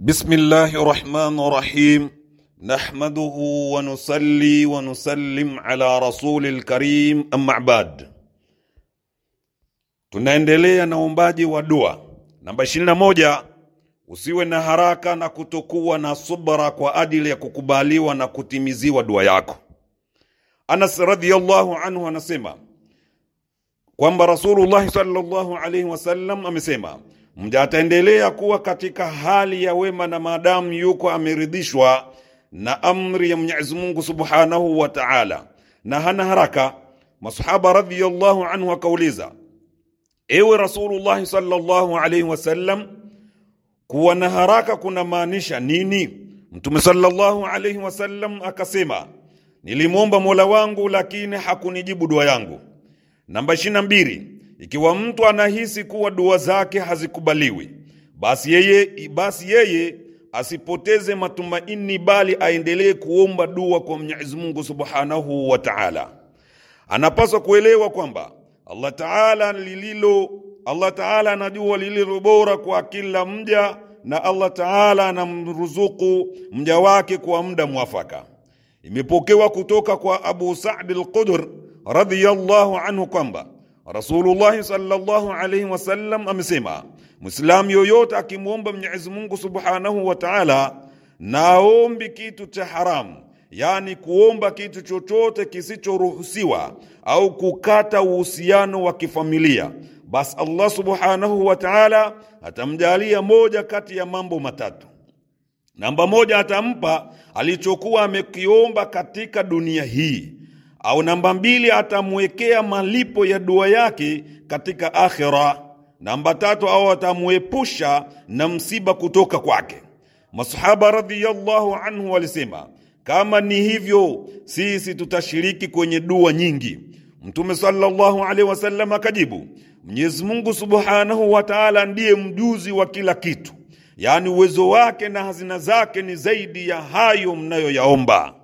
بسم الله الرحمن الرحيم نحمده ونصلي ونسلم على رسول الكريم أما بعد tunaendelea na uombaji wa dua namba 21 usiwe na haraka na kutokuwa na subra kwa ajili ya kukubaliwa na kutimiziwa dua yako anas radhiallahu anhu anasema kwamba rasulullahi sallallahu alaihi wasallam amesema mja ataendelea kuwa katika hali ya wema na maadamu yuko ameridhishwa na amri ya Mwenyezi Mungu Subhanahu wa Ta'ala na hana haraka. Masahaba radhiyallahu anhu akauliza, ewe Rasulullah sallallahu alayhi wasallam, kuwa na haraka kuna maanisha nini? Mtume sallallahu alayhi wasallam akasema, nilimwomba Mola wangu lakini hakunijibu dua yangu. Namba 22 ikiwa mtu anahisi kuwa dua zake hazikubaliwi, basi yeye, basi yeye asipoteze matumaini, bali aendelee kuomba dua kwa Mwenyezi Mungu Subhanahu wa Ta'ala. Anapaswa kuelewa kwamba Allah Ta'ala lililo Allah Ta'ala anajua lililo bora kwa kila mja na Allah Ta'ala anamruzuku mja wake kwa muda mwafaka. Imepokewa kutoka kwa Abu Sa'd al-Khudri radhiyallahu anhu kwamba Rasulullah sallallahu alaihi wasallam amesema, mwislamu yoyote akimwomba Mwenyezi Mungu Subhanahu wa Ta'ala naombi kitu cha haramu, yaani kuomba kitu chochote kisichoruhusiwa au kukata uhusiano wa kifamilia, basi Allah Subhanahu wa Ta'ala atamjalia moja kati ya mambo matatu. Namba moja, atampa alichokuwa amekiomba katika dunia hii au namba mbili, atamwekea malipo ya dua yake katika akhira. Namba tatu, au atamuepusha na msiba kutoka kwake. Masahaba radhiyallahu anhu walisema kama ni hivyo, sisi tutashiriki kwenye dua nyingi. Mtume sallallahu alaihi wasallam akajibu, Mwenyezi Mungu subhanahu wa taala ndiye mjuzi wa kila kitu, yaani uwezo wake na hazina zake ni zaidi ya hayo mnayoyaomba.